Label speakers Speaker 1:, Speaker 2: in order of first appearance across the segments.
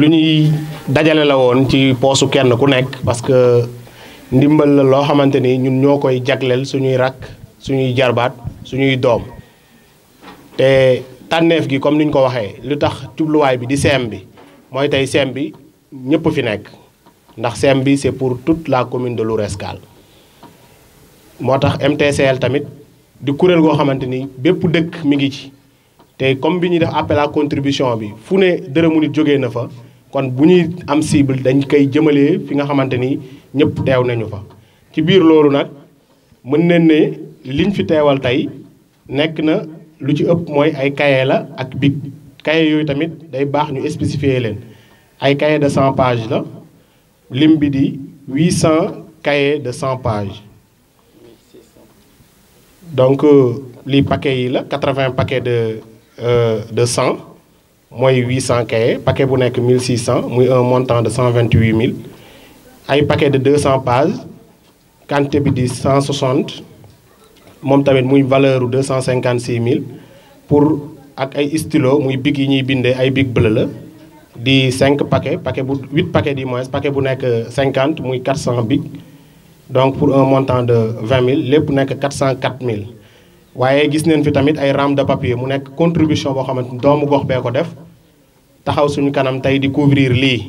Speaker 1: lu ñuy dajale la woon ci poosu kenn ku nekk parce que ndimbal la loo xamante ni ñun ñoo koy jagleel suñuy rakk suñuy jarbaat suñuy doom te tànneef gi comme ni ñu ko waxee lu tax jubluwaay bi di CEM bi mooy tey CEM bi ñëpp fi nekk ndax CEM bi c'est pour toute la commune de Lour Escale moo tax MTCL tamit di kuréel goo xamante ni bépp dëkk mi ngi ci te comme bi ñuy def appel à contribution bi fu ne dërëmu nit jógee na fa kon bu ñuy am cible dañ koy jëmalee fi nga xamante ni ñëpp teew nañu fa. ci biir loolu nag mën nañ ne liñ fi teewal tey nekk na lu ci ëpp mooy ay cahier la ak bic cahier yooyu tamit day baax ñu spécifier leen ay cahier de 100 pages la lim bi di 800 cahier de 100 pages donc euh, li paquet yi la 80 paquet de. Euh, de cent mooy cent cahiers paquet bu nekk 1600 muy un montant de cent vingt 128000 ay paquet de cent pages quantité bi di 160 moom tamit muy valeur u 256000 pour ak ay stylo muy big yi ñuy bindee ay big bleu la di cinq paquet paquet bu 8 paquet di moins paquet bu nekk 50 muy cent big donc pour un montant de mille lépp nekk cent mille waaye gis neen fi tamit ay rames de papier mu nekk contribution boo xamante ni doomu gox bee ko def taxaw suñu kanam tey di couvrir lii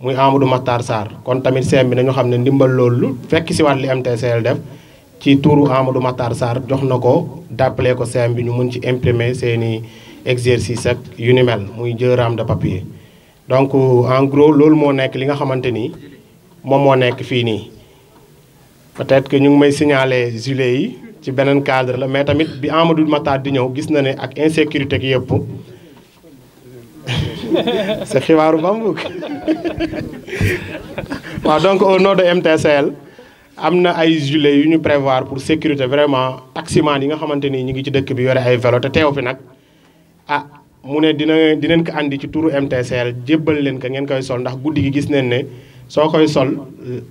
Speaker 1: muy Amadou Makhtar Sarr kon tamit CM bi nañu xam ne ndimbal loolu fekk si waat li MTCL def ci tuuru Amadou Makhtar Sarr jox na ko dàppale ko CM bi ñu mën ci imprimer seeni exercice ak yu ni mel muy jël rame de papier. donc en loolu moo nekk li nga xamante ni moom moo nekk fii nii peut-être que ñu ngi may signaler gilet yi. ci beneen cadre la mais tamit bi Amadou Matar di ñëw gis na ne ak insécurité ki yëpp c'est xibaaru Bambouk waaw donc au nom de MTCL am na ay gilets yu ñu prévoir pour sécurité vraiment taximan yi nga xamante ni ñu ngi ci dëkk bi yore ay vélo te teew fi nag ah mu ne dina dinañ ko indi ci turu MTCL jébbal leen ko ngeen koy sol ndax guddi gi gis neen ne soo koy sol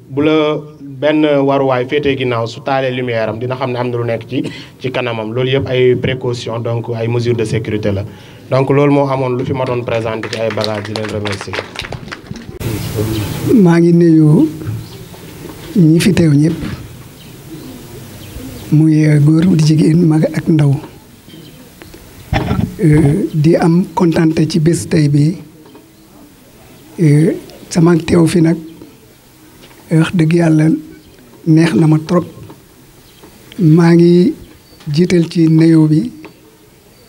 Speaker 1: bu la benn waruwaay féetee ginaaw su taalee lumière am dina xam ne am na lu nekk ci ci kanamam loolu yëpp ay précaution donc ay mesures de sécurité la donc loolu moo amoon lu fi ma doon présenté ci ay bagages di leen remercier.
Speaker 2: maa ngi nuyu ñi fi teew ñëpp muy góor di jigéen mag ak ndaw euh, di am kontante ci bés tey bi euh, sama teew fi nag wax dëgg yàlla neex na ma trop maa ngi jiital ci nuyoo bi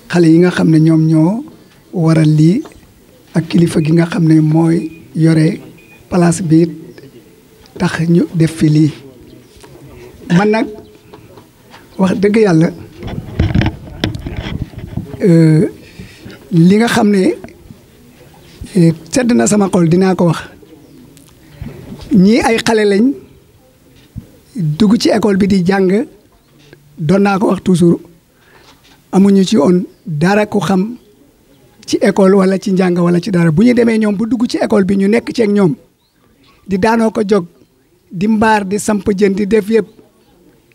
Speaker 2: xale yi nga xam ne ñoom ñoo waral lii ak kilifa gi nga xam ne mooy yore place bi tax ñu def fi lii man nag wax dëgg yàlla euh, li nga xam ne euh, sedd na sama xol dinaa ko wax ñii ay xale lañ dugg ci école bi di jàng doon naa ko wax toujours amuñu ci on dara ku xam ci école wala ci njàng wala ci dara bu ñu demee ñoom bu dugg ci école bi ñu nekk ceeg ñoom di daanoo ko jog di mbaar di samp jën di def yëpp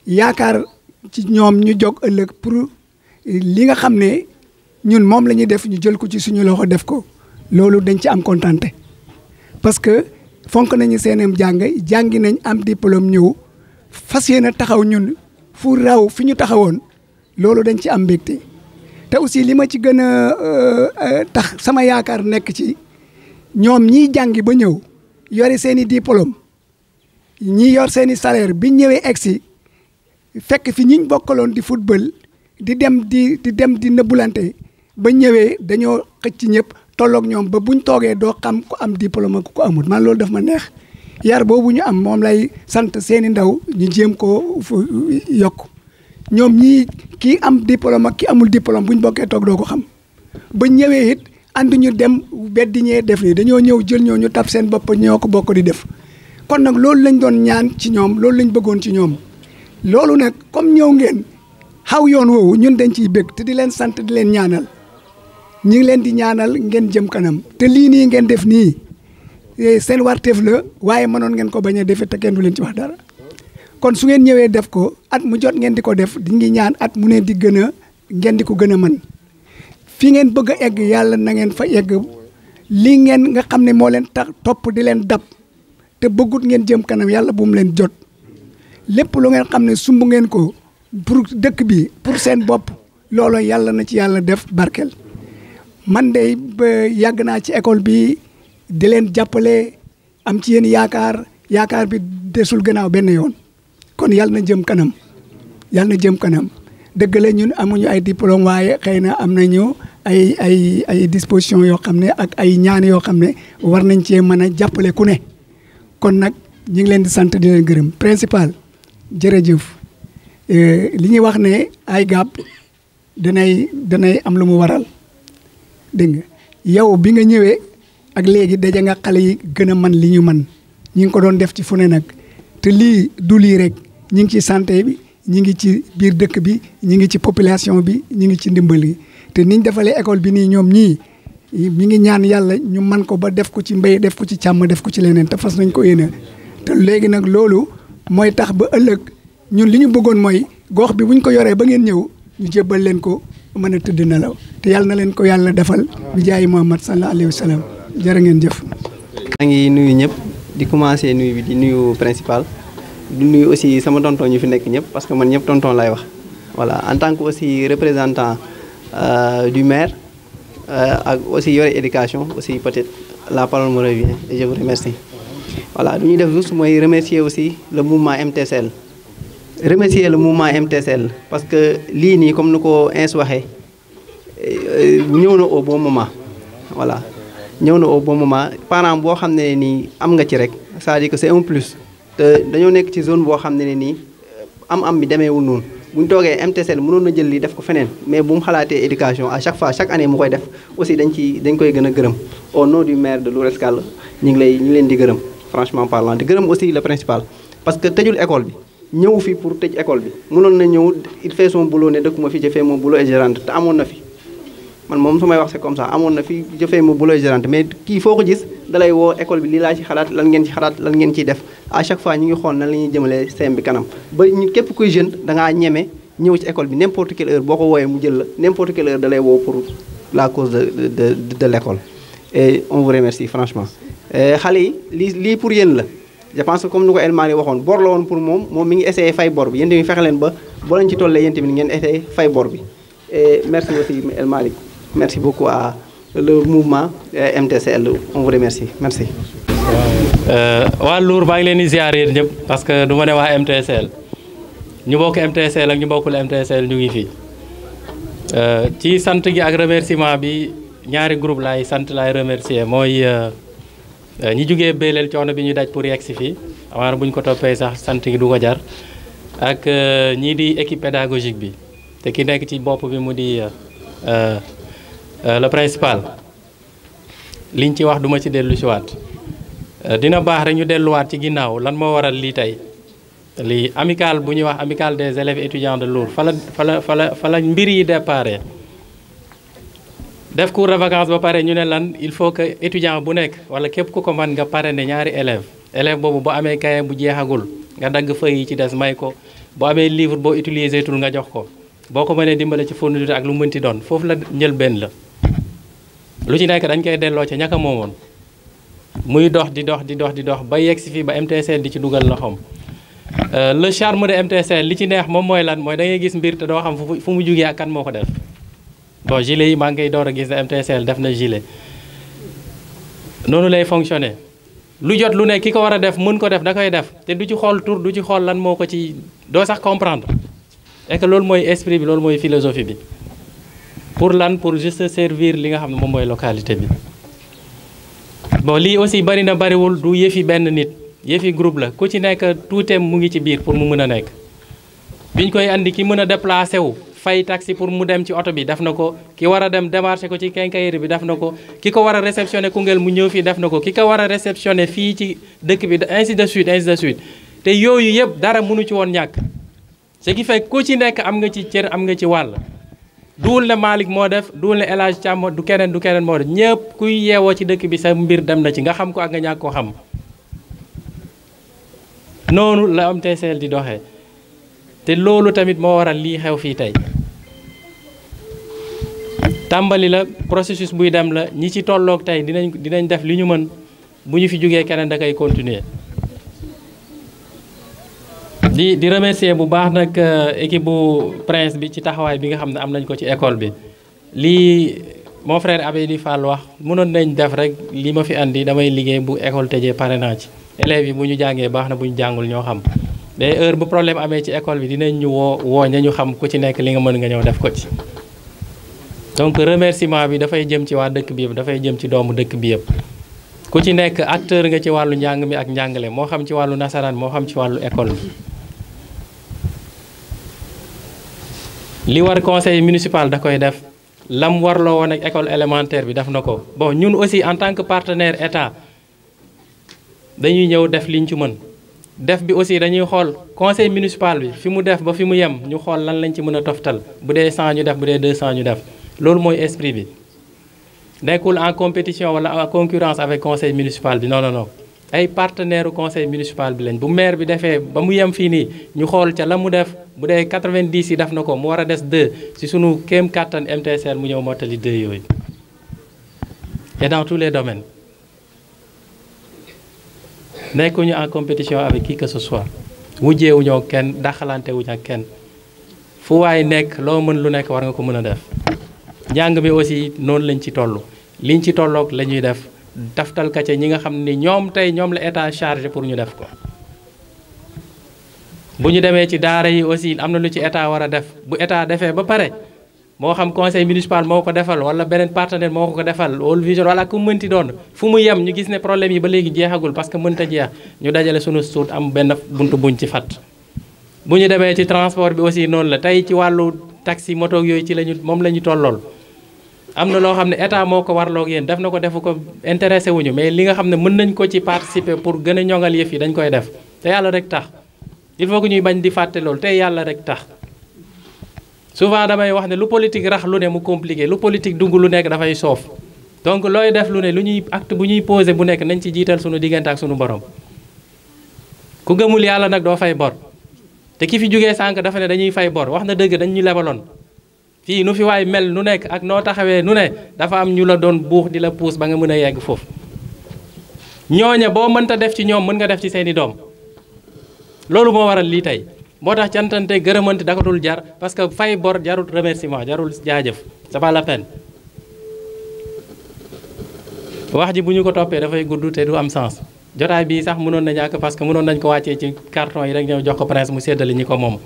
Speaker 2: yaakaar ci ñoom ñu jog ëllëg pour li nga xam ne ñun moom lañuy ñuy def ñu jël ko ci suñu loxo def ko loolu dañ ci am kontaan parce que fonk nañu seenem jàng jàngi nañ am diplôme ñëw fas yéene taxaw ñun fu raw fi ñu taxawoon loolu dañ ci am mbégte te aussi li ma ci gën a euh, euh, tax sama yaakaar nekk ci ñoom ñiy jàngi ba ñëw yore seen i diplôme ñi yor seeni i salaire bi ñëwee egsi fekk fi ñiñ bokkaloon di football di dem di di dem di nëbbulante ba ñëwee dañoo xëcc ñëpp tollook ñoom ba buñ toogee doo xam ku am diplôme ak ku amul man loolu daf ma neex yar boobu ñu am moom lay sant seeni ndaw ñu jéem koo yokk ñoom ñii kii am diplôme ak ki amul diplôme bu ñu bokkee toog doo ko xam ba ñëwee it ñu dem beddi ñee def nii dañoo ñëw jël ñoo ñu tab seen bopp ñoo ko bokk di def kon nag loolu lañ doon ñaan ci ñoom loolu lañ bëggoon ci ñoom loolu nag comme ñëw ngeen xaw yoon woowu ñun dañ ciy bég te di leen sant di leen ñaanal ñu ngi leen di ñaanal ngeen jëm kanam te lii nii ngeen def nii seen warteef la waaye mënoon ngeen ko bañ a defee te kenn du leen ci wax dara kon su ngeen ñëwee def ko at mu jot ngeen di ko def di ngi ñaan at mu ne di gën a ngeen di ko gën a mën fi ngeen bëgg a egg yàlla na ngeen fa egg lii ngeen nga xam ne moo leen tax topp di leen dab te bëggut ngeen jëm kanam yàlla bu mu leen jot lépp lu ngeen xam ne sumb ngeen ko pour dëkk bi pour seen bopp looloo yàlla na ci yàlla def barkel man de yàgg naa ci école bi. di leen jàppale am ci yéen yaakaar yaakaar bi desul gannaaw benn yoon kon yàlla na jëm kanam yàlla na jëm kanam dëgg la ñun amuñu ay diplôme waaye xëy na am nañu ay ay ay disposition yoo xam ne ak ay ñaan yoo xam ne war nañ cee mën a jàppale ku ne kon nag ñu ngi leen di sant di leen gërëm principal jërëjëf euh, li ñuy wax ne ay gàpp danay danay am lu mu waral dégg nga bi nga ñëwee ak léegi daje nga xale yi gën a man li ñu man ñi ngi ko doon def ci fu ne nag te lii dul lii rek ñi ngi ci sante bi ñi ngi ci biir dëkk bi ñi ngi ci population bi ñi ngi ci ndimbal yi te niñ defalee école bi nii ñoom ñii mi ngi ñaan yàlla ñu man ko ba def ko ci mbéy def ko ci càmm def ko ci leneen te fas nañ ko yéene te léegi nag loolu mooy tax ba ëllëg ñun li ñu bëggoon mooy gox bi bu ñu ko yoree ba ngeen ñëw ñu jébbal leen ko mën a tëdd nelaw te yàlla na leen ko yàlla defal bi jaayi Muhammad sallallahu alayhi wa jërë jëf.
Speaker 3: maa ngi nuyu ñëpp di commencé nuyu bi di nuyu principal di nuyu aussi sama tonton ñu fi nekk ñëpp parce que man ñëpp tonton lay wax voilà en tant que aussi représentant euh, du maire euh, ak aussi yore éducation aussi peut-être la parole me revient et je vous remercie. voilà lu ñuy def juste mooy remercier aussi le mouvement MTCL remercier le mouvement MTCL parce que lii nii comme nu ko ins waxee euh, ñëw na au bon moment voilà. ñëw na au bon moment parent boo xam ne nii am nga ci rek c'est-à-dire c'est un plus te dañoo nekk ci zone boo xam ne nii euh, am-am bi demeewul noonu bu ñu toogee MTSL mënoon na jël lii def ko feneen mais bu mu xalaatee éducation à chaque fois chaque année mu koy def aussi dañ ci dañ koy gën a gërëm o nom du maire de Lour Escale ñu ngi lay ñu leen di gërëm franchement parlant di gërëm aussi le principal parce que tëjul école bi ñëw fi pour tëj école bi mënoon na ñëw il fait son boulot ne dëkkuma fi je fais mon man moom su may wax c'est comme ça amoon na fi jëfee ma bu lay gérante mais kii foo ko gis dalay woo école bi lii laa ci xalaat lan ngeen ci xalaat lan ngeen ciy def à chaque fois ñu ngi xool nan la ñuy jëmalee seen bi kanam ba ñu képp kuy jeune dangaa ñeme ñëw ci école bi n'importe quelle heure boo ko wooyee mu jël la n'importe quelle heure dalay woo pour la cause de de de l'école et on vous franchement euh, xale yi lii lii pour yéen la je pense comme ni ko El Malick waxoon bor la woon pour moom moom mi ngi essayé fay leen ba boo leen ci tollee yéen tamit ngeen fay bor bi merci aussi El Merci beaucoup à le mouvement euh, MTCL. On vous remercie. Merci.
Speaker 4: Euh, waa Lour maa ngi leen di ziare yéen ñëpp parce que du ma ne waa MTSL ñu bokk MTSL ak ñu bokkul MTSL ñu ngi fii euh, ci sant gi ak remerciement bi ñaari groupe laay sant lay remercier mooy ñi jugee béyleel coono bi ñu daj pour yegg si fii amaana buñ ko toppee sax sant gi du ko jar ak ñii di équipe pédagogique bi te ki nekk ci bopp bi mu di Euh, le principal liñ ci wax duma ci dellu si waat euh, dina baax rek ñu delluwaat ci ginnaaw lan moo waral lii tey lii amicale bu ñuy wax amicale des élèves étudiants de Lour fa la fa la fa la fa la mbir yi déparé def cours de vacances ba pare ñu ne lan il faut que étudiant bu nekk wala képp ku ko mën nga pare ne ñaari élèves élève boobu bu amee cahier bu jeexagul nga dagg feuille yi ci des may ko bu amee livre boo utiliser tul nga jox ko boo ko mënee dimbale ci fourniture ak lu mënti doon foofu la njël la lu ci nekk dañ koy delloo ca ñaka moomoon muy dox di dox di dox di dox ba yegg si fii ba MTCL di ci dugal loxoom euh, le charme de MTCL li ci neex moom mooy lan mooy da ngay gis mbir te doo xam fu mu jugee ak kan moo ko def bon gilet yi maa ngi door a gis ne MTCL def na gilet noonu lay fonctionner lu jot lu ne ki ko war a def mën ko def da koy def te du ci xool tur du ci xool lan moo ko ci doo sax comprendre et loolu mooy esprit bi loolu mooy philosophie bi pour lan pour juste servir li nga xam ne moom mooy localité bi bon lii aussi bari na bariwul du yëfi benn nit yëfi groupe la ku ci nekk tuuteem mu ngi ci biir pour mu mën a nekk biñ koy indi ki mën a déplacé wu fay taxi pour mu dem ci oto bi def na ko ki war a dem démarché ko ci quincaillerie bi def na ko ki ko war a réceptionné Koungheul mu ñëw fii def na ko ki ko war a réceptionné fii ci dëkk bi insi de suite ainsi de suite te yooyu yëpp dara mënu ci woon ñàkk ce qui fait ci nekk am nga ci cër am nga ci wàll duul ne Malick moo def duul ne El Hadj du keneen du keneen moo def ñëpp kuy yeewoo ci dëkk bi sa mbir dem na ci nga xam ko ak nga ñàkk koo xam noonu la am tey seel di doxe te loolu tamit moo waral lii xew fii tey tàmbali la processus buy dem la ñi ci tolloog tey dinañ dinañ def li ñu mën bu ñu fi jógee keneen da koy continuer di di remercier bu baax nag euh, équipe bu prince bi ci taxawaay bi nga xam ne am nañ ko ci école bi lii mon frère Abedi Fall wax mënoon nañ def rek li ma fi andi damay liggéey bu école tëjee pare naa ci élèves yi bu ñu jàngee baax na bu ñu jàngul ñoo xam mais heure bu problème amee ci école bi dinañ ñu woo woo ñu xam ku ci nekk li nga mën nga ñëw def ko ci. donc remerciement bi dafay jëm ci waa dëkk bi yëpp dafay jëm ci doomu dëkk bi yëpp ku ci nekk acteur nga ci wàllu njàng mi ak njàngale moo xam ci wàllu nasaraan moo xam ci wàllu école bi. li war conseil municipal da koy def lam warloo woon ak école élémentaire bi def na ko bon ñun aussi en tant que partenaire état dañuy ñëw def liñ ci mën def bi aussi dañuy xool conseil municipal bi fi mu def ba fi mu yem ñu xool lan lañ ci mën a toftal bu dee 100 ñu def bu dee 200 ñu def loolu mooy esprit bi nekkul en compétition wala en concurrence avec conseil municipal bi non non ay partenaire conseil municipal bi lañ bu maire bi defee ba mu yem fii nii ñu xool ca la mu def bu dee 90 yi def na ko mu war a des 2 ci sunu kéem kàttan MTSR mu ñëw mottali 2 yooyu et dans les domaines nekkuñu en compétition a kii que ce soit wujjeewuñoo kenn daxalante wuñ ak kenn fu waay nekk loo mën lu nekk war nga ko mën a def njàng mi aussi noonu lañ ci toll liñ ci tolloog la ñuy def daftal ka ca ñi nga xam ni ñoom tey ñoom la état chargé pour ñu def ko bu ñu demee ci daara yi aussi am na lu ci état war a def bu état defee ba pare moo xam conseil municipal moo ko defal wala beneen partenaire moo ko ko defal World Vision wala ku mënti doon fu mu yem ñu gis ne problème yi ba léegi jeexagul parce que mënta jeex ñu dajale sunu suut am benn bunt buñ ci fat bu ñu demee ci transport bi aussi noonu la tey ci wàllu taxi moto yooyu ci lañu moom la ñu tollool am na loo xam ne état moo ko warloog yéen def na ko defu ko intéressé wuñu mais li nga xam ne mën nañ ko ci participer pour gën a ñoŋal yëf yi dañ koy def te yàlla rek tax il faut que ñuy bañ di fàtte loolu te yàlla rek tax souvent damay wax ne lu politique rax lu ne mu compliqué lu politique dugg lu nekk dafay soof donc looy def lu ne lu ñuy act bu ñuy posé bu nekk nañ ci jiital sunu diggante ak sunu borom ku gëmul yàlla nag doo fay bor te ki fi jógee sànq dafa ne dañuy fay bor wax na dëgg dañ ñu lebaloon fii nu fi waay mel nu nekk ak noo taxawee nu ne dafa am ñu la doon buux di la puus ba nga mën a yegg foofu ñooña boo mënta def ci ñoom mën nga def ci seeni doom loolu moo waral lii tey moo tax cantante gërëmante dakatul jar parce que fay bor jarul remerciement jarul jaajëf c'est pas la peine wax ji bu ñu ko toppee dafay gudd te du am sens jotaay bii sax mënoon na ñàkk parce que mënoon nañ ko wàccee ci carton yi rek ñëw jox ko prince mu séddale ñi ko moom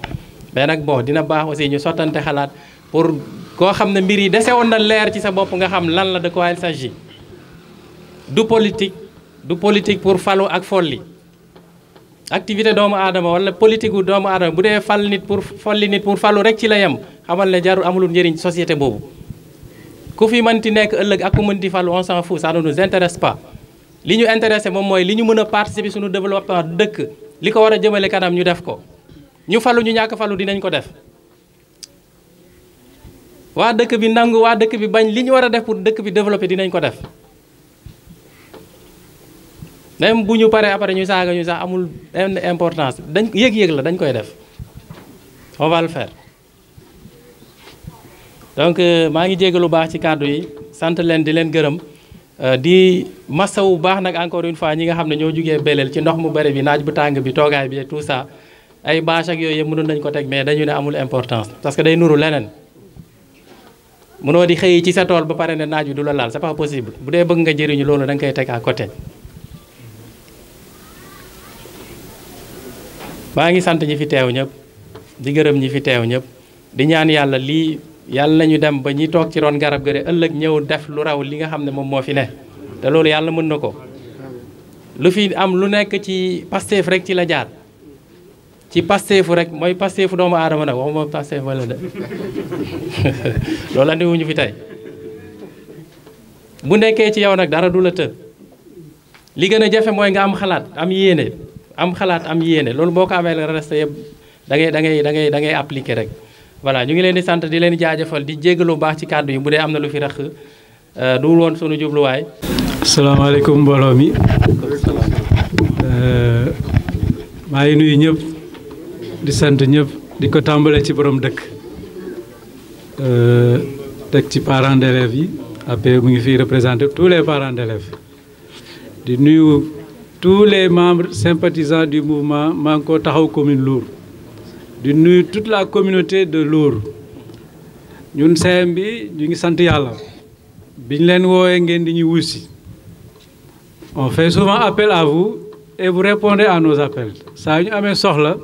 Speaker 4: mais nag bon dina baax aussi xalaat pour koo xam ne mbir yi dese woon na leer ci sa bopp nga xam lan la de quoi il s'agit du politique du politique pour falu ak folli activité doomu aadama wala politique doomu aadama bu dee fal nit pour folli nit pour falu rek ci la yem xamal ne jarul amulul njëriñ société boobu ku fi mënti nekk ëllëg ak ku mënti falu on s'en fout ça ne nous intéresse li ñu intéressé moom mooy li ñu mën a participer suñu développement dëkk li ko war a jëmale kanam ñu def ko ñu falu ñu ñàkk falu dinañ ko def waa dëkk bi nangu waa dëkk bi bañ li ñu war a def pour dëkk bi développer dinañ ko def même bu ñu paree après ñu saaga ñu sax amul importance dañ yëg-yëg la dañ koy def on va le faire donc euh, maa ngi lu baax ci kàddu yi sant leen di leen gërëm euh, di masawu baax nag encore une fois ñi nga xam ne ñoo jugee beleel ci ndox mu bëri bi naaj bu tàng bi toogaay bi tout ça ay bâche ak yooyu yëpp mënoon nañ ko teg mais dañu ne amul importance parce que day nuru leneen. mënoo di xëy ci sa tool ba pare ne naaj wi du la laal sa pas possible bu dee bëgg nga jëriñu loolu da nga koy teg ngi sant ñi fi teew ñëpp di gërëm ñi fi teew ñëpp di ñaan yàlla lii yàlla nañu dem ba ñi toog ci ron garab gëre ëllëg ñëw def lu raw li nga xam ne moom moo fi ne te loolu yàlla mën na ko lu fi am lu nekk ci Pastef rek ci la jaar. ci pasteefu rek mooy pasteefu doomu aadama nag waxuma pasteef wala de loolu andi wuñu fi tey bu nekkee ci yow nag dara du la të li gën a jafe mooy nga am xalaat am yéene am xalaat am yéene loolu boo ko amee la reste yëpp da ngay da ngay da ngay da ngay rek voilà ñu ngi leen di sant di leen di jaajëfal di jéggalu baax ci kàddu yi bu dee am na lu fi rax euh, du woon sunu
Speaker 5: jubluwaay. salaamaaleykum mbooloo mi euh, maa ngi nuyu ñëpp. di sant ñëpp di ko tàmbalee ci borom dëkk euh, teg ci parents d'élèves yi après mu ngi fii représenté tous les parents di nuyu tous les membres sympathisants du mouvement Manko Taxawu commune Lour di nuyu toute la communauté de Lour ñun CM bi ñu ngi sant yàlla biñ leen woowee ngeen di ñuy wuusi on fait souvent appel à vous et vous répondez à saa ñu amee soxla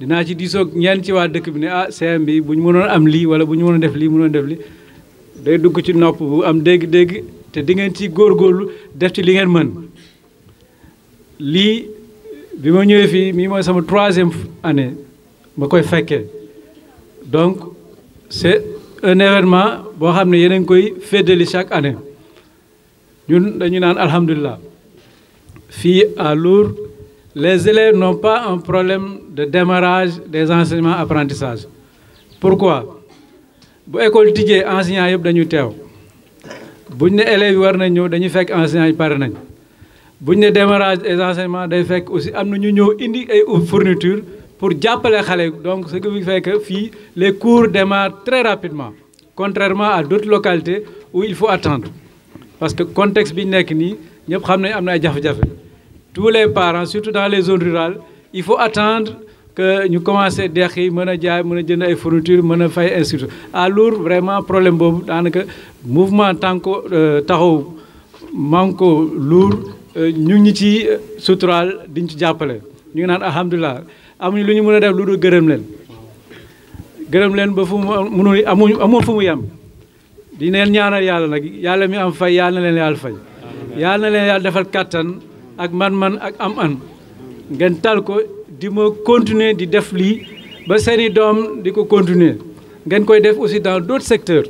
Speaker 5: dinaa ci diisoog ñenn ci waa dëkk bi ne ah CM bi bu ñu mënoon am lii wala bu ñu mënoon def lii mënoon def lii day dugg ci nopp bu am dégg-dégg te di ngeen ci góorlu def ci li ngeen mën lii bi ma ñëwee fii mii mooy sama troisième année ma koy fekkee donc c'est un événement boo xam ne yéen a ngi koy féddali chaque année ñun dañu naan alhamdulilah fii à Lour les élèves non pas un problème de démarrage des enseignements pour pourquoi bu école tijjee enseignants yëpp dañu teew buñ ne élèves yi war nañ ñëw dañuy fekk enseignants yi pare nañ buñ ne démarrage des enseignements day fekk aussi am na ñu ñëw indi ay fourniture pour jàppale xale donc ce qui fait que fii les cours démarrent très rapidement contrairement à d'autres localités où il faut attendre parce que contexte bi nekk nii ñëpp xam nañ am na ay tous les parents surtout dans les zones rurales il faut attendre que ñu commencé dex yi mën a jaay mën a jënd ay fourniture mën a fay institut à Lour vraiment problème boobu daanaka mouvement Tanko euh, Taxawu Manko Lour euh, ñu ñu ci suturaal diñ ci jàppale ñu ngi naan alhamdulilah amuñu lu ñu mën a def lu dul gërëm leen gërëm leen ba fu mu mënul amuñu amoo fu mu yem di leen ñaanal yàlla nag yàlla mi am fay yàlla na leen fay yàlla na leen yàlla defal kàttan ak man-man ak am-an ngeen tal ko di moo continuer di def lii ba seen i doom di ko continuer ngeen koy def aussi dans d' autres secteurs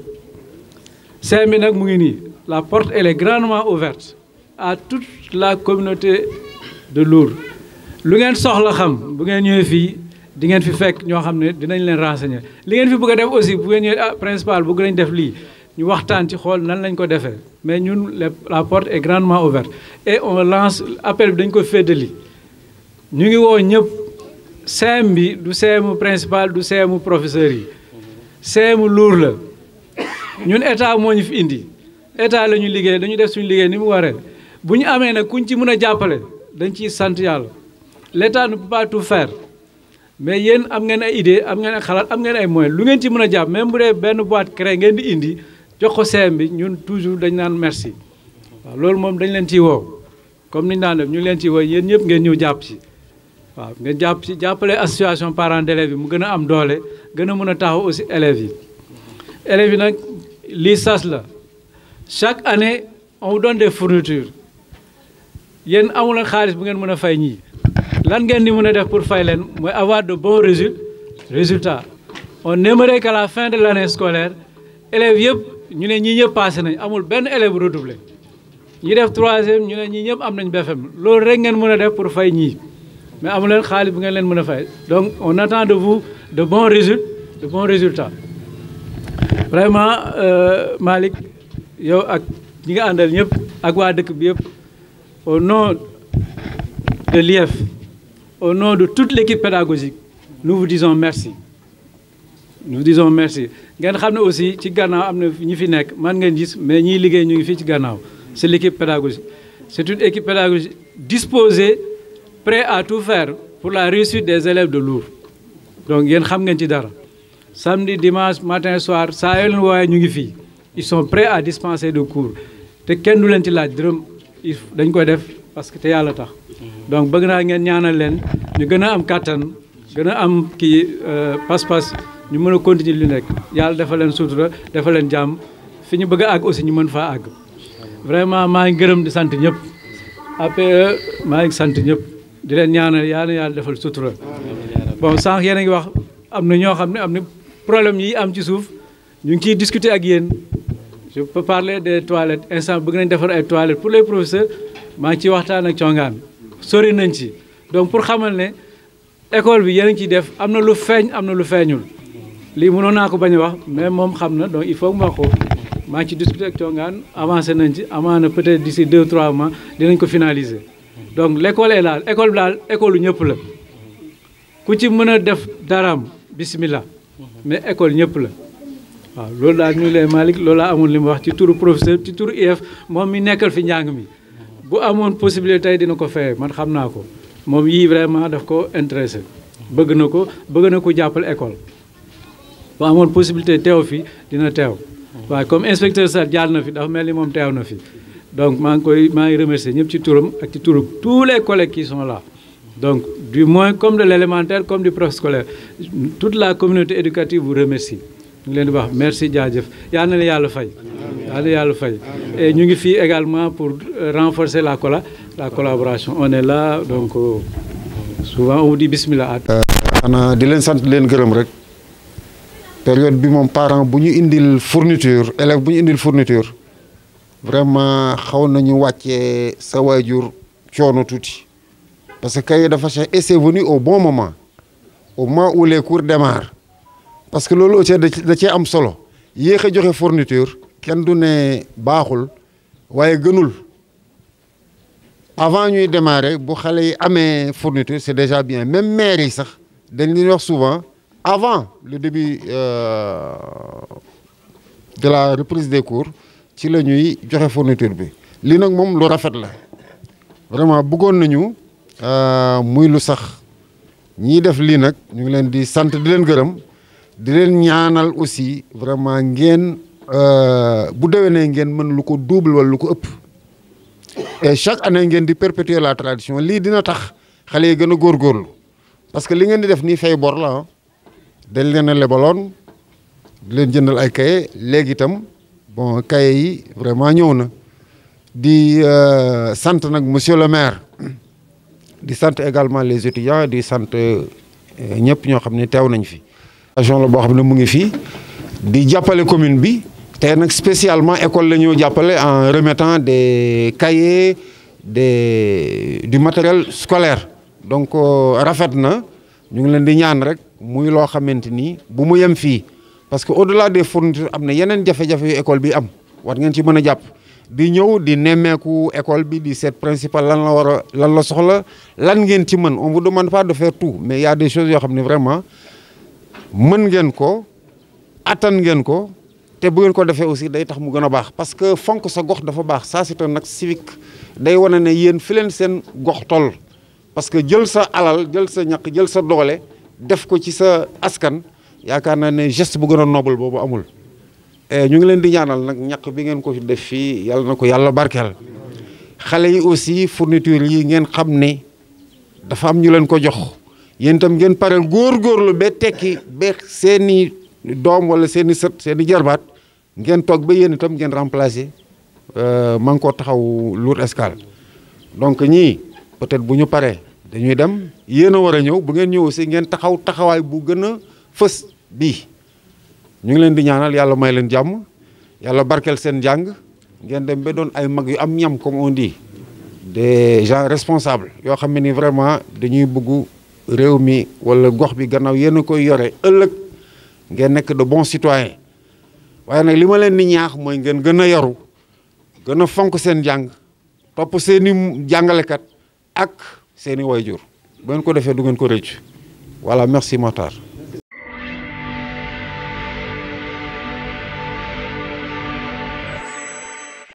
Speaker 5: seen bi nag mu ngi nii la porte elle est grandement ouverte à tout la communauté de Lour lu ngeen soxla xam bu ngeen ñëwee fii di ngeen fi fekk ñoo xam ne dinañ leen renseigner li ngeen fi bëgg def aussi bu ngeen ñëwee ah principal bëgg nañ def lii ñu waxtaan ci xool nan lañ ko defee mais ñun la porte est grandement ouverte et on lance appel bi dañ ko féddali ñu ngi woo ñëpp CEM bi du CEM principal du CEM professeur yi CEM luur la ñun état moo ñu fi indi état la ñu liggéey dañu def suñu liggéey ni mu waree bu ñu amee nag kuñ ci mën a jàppale dañ ciy sant yàlla l'état ne peut pas tout mais yéen am ngeen ay idée am ngeen ay xalaat am ngeen ay moyens lu ngeen ci mën a jàpp même bu dee benn boîte créé ngeen di indi jox ko CM bi ñun toujours dañ naan merci waaw loolu moom dañ leen ciy woo comme ni ñu daan def ñu leen ciy woo yéen ñëpp ngeen ñëw jàpp ci waaw nga jàpp ci jàppale association parents d'élèves yi mu gën a am doole gën a mën a taxaw aussi élèves yi yi nag lii sas la chaque année on vous donne des fournitures yéen amu xaalis bu ngeen mën a fay ñii lan ngeen di mun a def pour fay leen mooy avoir de boo résultats on aimerait qu'à la fin de l'année scolaire élèves yëpp ñu ne ñii ñëpp passé nañ amul benn élève redoublé ñi def troisième ñu ne ñii ñëpp am nañ BFM loolu rek ngeen mën a def pour fay ñii mais amu leen xaalis bu ngeen leen mën a fay donc on attend de vous de bons résultats de bons résultats vraiment euh, Malick yow ak ñi nga àndal ñëpp ak waa dëkk bi yëpp au non de l'IEF au nom de toute l'équipe pédagogique nous vous disons merci nous disons merci ngeen xam ne aussi ci gannaaw am na ñi fi nekk man ngeen gis mais ñiy liggéey ñu ngi fii ci gannaaw c'est l'équipe pédagogique c'est une équipe pédagogique disposée prête à tout faire pour la réussite des élèves de Lour donc yéen xam ngeen ci dara samedi dimanche matin soir saa yoo leen waaye ñu ngi fii il son prêts à dispenser de cours te kenn du leen ci laaj dërëm dañ koy def parce que te yàlla tax donc bëgg naa ngeen ñaanal leen ñu gën a am kàttan gën a am kii euh, pas ñu mën a continuer li nekk yàlla dafa leen sutura dafa leen jàmm fi ñu bëgg a àgg aussi ñu mën faa àgg vraiment maa ngi gërëm di sant ñëpp APE maa ngi sant ñëpp di leen ñaanal yàlla yàlla defal sutura bon sànq yéen a ngi wax am na ñoo xam ne am na problème yi am ci suuf ñu ngi ciy discuter ak yéen je peux parler des toilettes instant bëgg nañ defar ay toilettes pour les professeurs maa ngi ciy waxtaan ak congaan sori nañ ci donc pour xamal ne école bi yéen a ngi ciy def am na lu feeñ am na lu feeñul lii mënoon naa ko bañ a wax mais moom xam na donc il faut mu wax maa ngi ci discuter ak Thiongaan avancé nañ ci amaana peut-être d'ici deux trois mois dinañ ko finaliser donc l'école est là école daal école u ñëpp la ku ci mën a def daram bismillah mais école ñëpp la waaw loolu daal ñu lay Malick loolu laa amoon li mu wax ci turu professeur ci turu IEF moom mi nekkal fi njàng mi bu amoon possibilité tey dina ko feye man xam naa ko moom yii vraiment daf ko intéressé bëgg na ko bëgg na ko jàppale école bu amoon possibilité teew fi dina teew waaye comme inspecteur Sarr jaar na fi dafa mel ni moom teew na fi donc maa ngi koy maa ngi remercier ñëpp ci turam ak ci turam tous les collègues qui sont la donc du moins comme de l'élémentaire comme du préscolaire toute la communauté éducative vous remercie ñu ngi leen di wax merci jaajëf yaa na la yàlla fay yaa na yàlla fay et ñu ngi fii également pour euh, renforcer la colla la collaboration on est là donc euh,
Speaker 6: souvent on dit bismillah euh, xanaa di leen sant leen gërëm rek période bi moom parent bu ñu indil fourniture élève bu ñu indil fourniture vraiment xaw nañu wàccee sa waajur coono tuuti parce que kay de fashion et c'est venu au bon moment au moment où les cours démarrent parce que loolu aussi da cee am solo yéex a joxe fourniture kenn du ne baaxul waaye gënul avant ñuy démarrer bu xale yi amee fourniture c'est déjà bien même maire yi sax dañ leen wax souvent avant lu début euh, de la reprise des cours ci la ñuy joxe forniture bi lii nag moom lu rafet la vraiment bëggoon nañu euh, muy lu sax ñiy def lii nag ñu ngi leen di sant di leen gërëm di leen ñaanal aussi vraiment ngeen euh, bu nee ngeen mën lu ko double wala lu ko ëpp chaque année ngeen di perpétuer la tradition lii dina tax xale yi gën a góor góorlu parce que li ngeen di def nii fay bor la dañ leen a lebaloon di leen jëndal ay cahier léegi itam bon cahier yi vraiment ñëw na di euh, sant nag monsieur le maire di sant également les étudiants di sant euh, ñëpp ñoo xam ne teew nañ fi. région la boo xam ne mu ngi fii di jàppale commune bi te nag spécialement école la ñoo jàppale en remettant des cahiers de du matériel scolaire donc euh, rafet na. ñu ngi leen di ñaan rek muy loo xamante ni bu mu yem fii parce que au delà des fournitures am na yeneen jafe-jafe yu école bi am war ngeen ci mën a jàpp di ñëw di nemmeeku école bi di seet principal lan la war a lan la soxla lan ngeen ci mën on vous demande pas de faire tout mais y a des yoo xam ne vraiment mën ngeen ko attan ngeen ko te bu ngeen ko defee aussi day tax mu gën a baax parce que fonk sa gox dafa baax ça c'est un acte civique day wane ne yéen fi seen gox toll parce que jël sa alal jël sa ñaq jël sa doole def ko ci sa askan yaakaar naa ne geste bu gën a boobu amul eh, ñu ngi leen di ñaanal nag ñaq bi ngeen ko def fii yàlla na ko yàlla barkeel xale yi aussi fourniture yi ngeen xam ni dafa am ñu leen ko jox yéen itam ngeen pareel góorgóorlu ba tekki ba seeni doom wala seeni sët seeni jarbaat ngeen toog ba yéen itam ngeen remplacer eh, maa ngi ko taxaw Lour Escale donc ñii peut-être bu ñu paree dañuy dem yéen a war a ñëw bu ngeen ñëw aussi ngeen taxaw taxawaay bu gën a fës bii ñu ngi leen di ñaanal yàlla may leen jàmm yàlla barkeel seen jàng ngeen dem ba doon ay mag yu am ñam comme on di de gens responsables yoo xam ne ni vraiment dañuy buggu réew mi wala gox bi gannaaw yéen a koy yore ëllëg ngeen nekk de bon citoyens waaye nag li ma leen di ñaax mooy ngeen gën a yoru gën a fonk seen jàng topp seeni jàngalekat ak seeni wayjur bu ngeen ko defee du ngeen ko rëcc voilà merci Makhtar